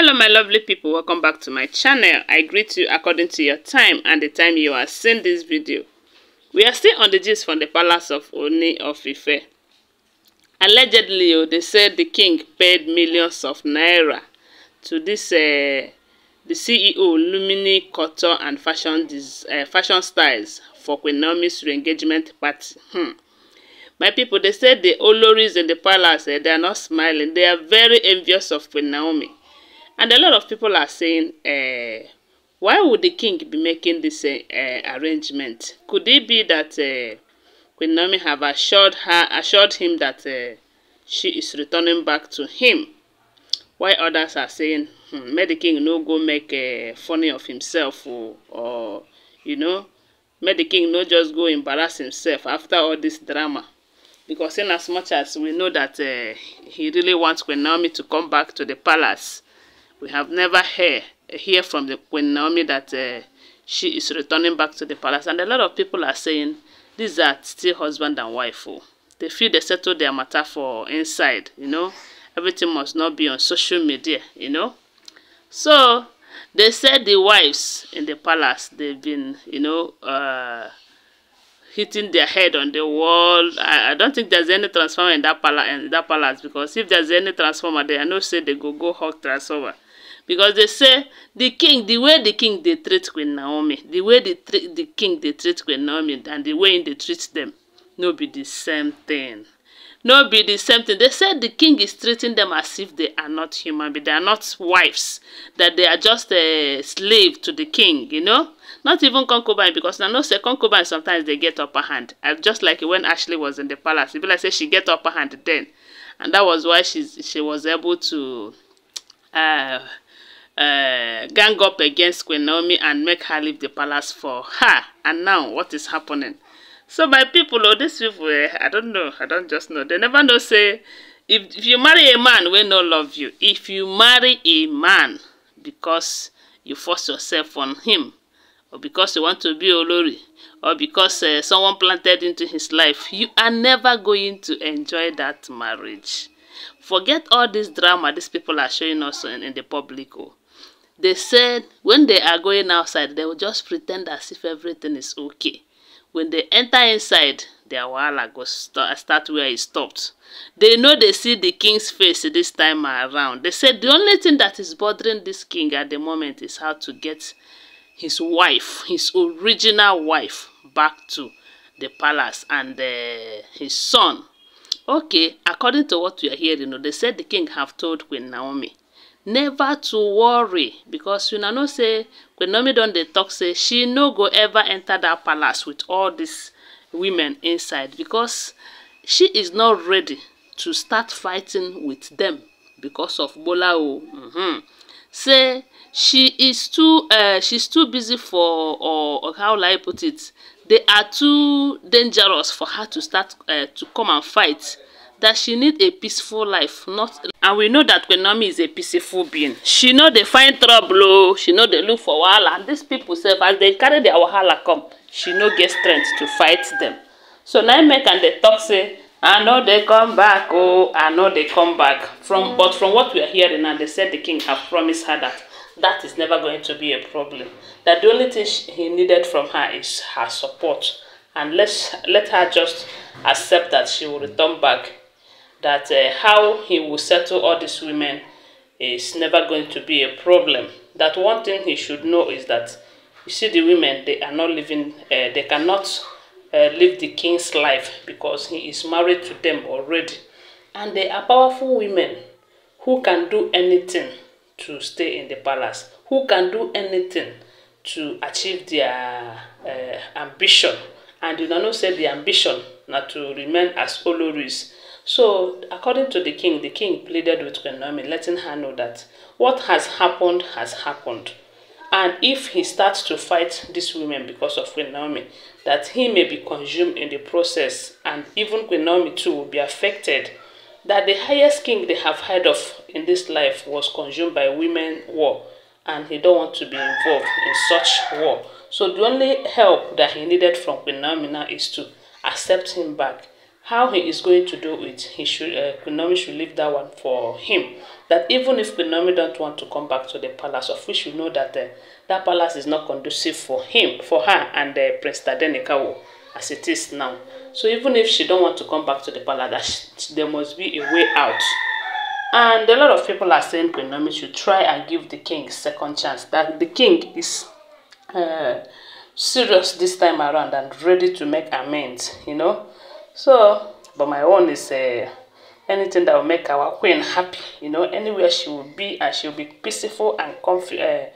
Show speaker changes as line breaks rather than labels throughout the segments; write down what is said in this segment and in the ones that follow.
hello my lovely people welcome back to my channel i greet you according to your time and the time you are seeing this video we are still on the gist from the palace of oni of ife allegedly oh, they said the king paid millions of naira to this uh, the ceo lumini cotton and fashion uh, fashion styles for queen naomi's re-engagement party hmm. my people they said the oloris in the palace uh, they are not smiling they are very envious of queen naomi And a lot of people are saying, uh, why would the king be making this uh, arrangement? Could it be that uh, Queen Naomi have assured her, assured him that uh, she is returning back to him? Why others are saying, hmm, may the king no go make uh, funny of himself or, or you know, may the king no just go embarrass himself after all this drama. Because in as much as we know that uh, he really wants Queen Naomi to come back to the palace, We have never heard hear from the Queen Naomi that uh, she is returning back to the palace. And a lot of people are saying these are still husband and wife. Oh. They feel they settle their matter for inside, you know. Everything must not be on social media, you know. So they said the wives in the palace, they've been, you know, uh, hitting their head on the wall. I, I don't think there's any transformer in that, pala in that palace because if there's any transformer there, I know say they go go hog transformer because they say the king the way the king dey treat queen naomi the way the, the king dey treat queen naomi and the way he dey treat them no be the same thing no be the same thing they said the king is treating them as if they are not human but they are not wives that they are just a slave to the king you know not even concubine because na know say concubine sometimes they get upper hand and just like when ashley was in the palace If be like say she get upper hand then and that was why she she was able to uh, uh, gang up against Queen Naomi and make her leave the palace for her. And now, what is happening? So my people, or oh, these people, eh, I don't know. I don't just know. They never know, say, if, if you marry a man, we no love you. If you marry a man because you force yourself on him, or because you want to be Olori, or because uh, someone planted into his life, you are never going to enjoy that marriage. Forget all this drama these people are showing us in, in the public. Oh they said when they are going outside, they will just pretend as if everything is okay. When they enter inside, their wahala go start, start where it stopped. They know they see the king's face this time around. They said the only thing that is bothering this king at the moment is how to get his wife, his original wife, back to the palace and uh, his son. Okay, according to what we are hearing, they said the king have told Queen Naomi never to worry because una know say queen naomi don dey talk say she no go ever enter that palace with all these women inside because she is not ready to start fighting with them because of bola o mm -hmm. say she is too uh, she's too busy for or, or how I put it they are too dangerous for her to start uh, to come and fight that she need a peaceful life not and we know that Queen is a peaceful being she know they find trouble oo oh. she know they look for wahala and these people sef as they carry their wahala come she no get strength to fight them so now make and they talk say i know they come back oh, i know they come back from but from what we are hearing now they said the king have promised her that that is never going to be a problem that the only thing she, he needed from her is her support and let let her just accept that she will return back that uh, how he will settle all these women is never going to be a problem. That one thing he should know is that you see the women, they are not living, uh, they cannot uh, live the king's life because he is married to them already. And they are powerful women who can do anything to stay in the palace, who can do anything to achieve their uh, ambition. And you know, say the ambition not to remain as Oloris so, according to the king, the king pleaded with Queen Naomi, letting her know that what has happened has happened. And if he starts to fight these women because of Queen Naomi, that he may be consumed in the process, and even Queen Naomi too will be affected. That the highest king they have heard of in this life was consumed by women war, and he don't want to be involved in such war. So the only help that he needed from Queen Naomi now is to accept him back how he is going to do it, he should uh, Kunomi should leave that one for him. That even if Kunomi don't want to come back to the palace, of which you know that uh, that palace is not conducive for him, for her, and uh, Prince Tadenikawo as it is now. So even if she don't want to come back to the palace, she, there must be a way out. And a lot of people are saying Kunomi should try and give the king second chance. That the king is. Uh, serious this time around and ready to make amends you know So, but my own is uh, anything that will make our queen happy. You know, anywhere she will be and she will be peaceful and comf uh,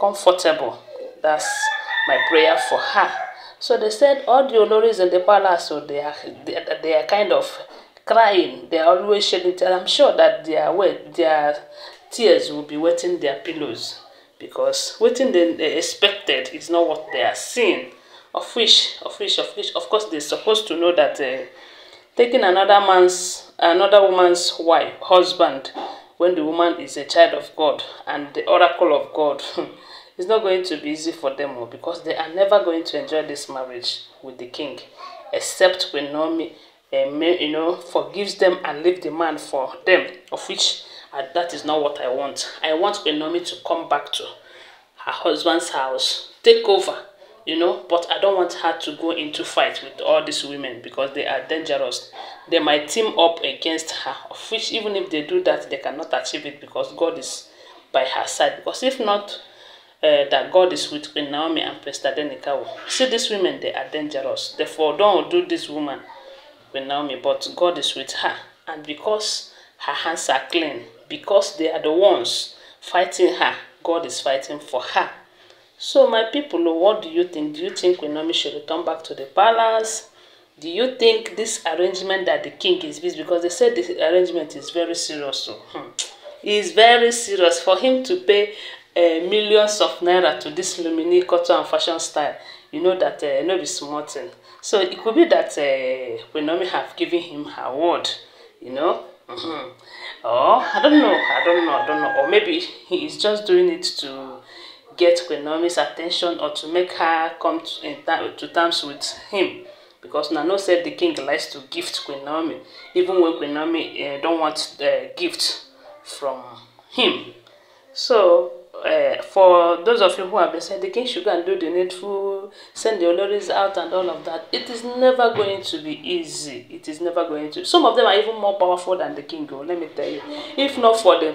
comfortable. That's my prayer for her. So they said all the Oloris in the palace, so they are, they, they are kind of crying. They are always shedding tears. I'm sure that their, wet, their tears will be wetting their pillows because waiting they expected is not what they are seeing of which of which of which of course they're supposed to know that uh, taking another man's another woman's wife husband when the woman is a child of God and the oracle of God is not going to be easy for them oh, because they are never going to enjoy this marriage with the king except when Naomi uh, you know forgives them and leave the man for them of which uh, that is not what I want I want Naomi to come back to her husband's house take over you know but i don't want her to go into fight with all these women because they are dangerous they might team up against her which even if they do that they cannot achieve it because god is by her side because if not uh, that god is with Queen naomi and pastor denikawa see these women they are dangerous therefore don't do this woman with naomi but god is with her and because her hands are clean because they are the ones fighting her god is fighting for her So, my people, oh, what do you think? Do you think Kwenomi should return back to the palace? Do you think this arrangement that the king is with, because they said this arrangement is very serious, so oh, hmm, is very serious for him to pay uh, millions of naira to this Lumini culture and fashion style? You know that uh, no be small thing. So it could be that uh, Kwenomi have given him her word, you know, Mm-hmm. Oh, I don't know. I don't know. I don't know. Or maybe he is just doing it to get Queen Naomi's attention or to make her come to, in to terms with him because Nano said the king likes to gift Queen Naomi even when Queen Naomi uh, don't want the eh, gift from him. So uh, for those of you who have been saying the king should go and do the needful, send the oloris out and all of that, it is never going to be easy. It is never going to. Some of them are even more powerful than the king. Oh, let me tell you. If not for the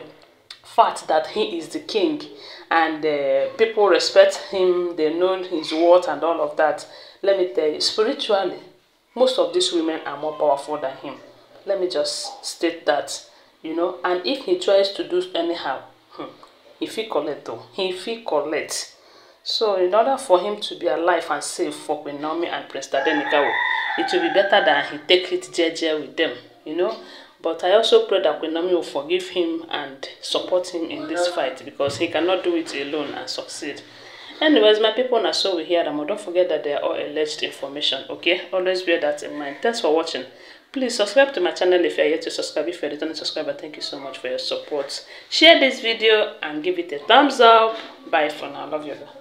fact that he is the king and uh, people respect him, they know his worth and all of that. Let me tell you, spiritually, most of these women are more powerful than him. Let me just state that, you know. And if he tries to do anyhow, hmm, if he collect though, if he collect. So in order for him to be alive and safe for Queen Naomi and Prince Tadenikawo, it will be better than he take it jeje with them, you know. But I also pray that Queen will forgive him and support him in this fight because he cannot do it alone and succeed. Anyways, my people, now so we hear them. Don't forget that they are all alleged information, okay? Always bear that in mind. Thanks for watching. Please subscribe to my channel if you are yet to subscribe. If you are returning subscriber, thank you so much for your support. Share this video and give it a thumbs up. Bye for now. Love you.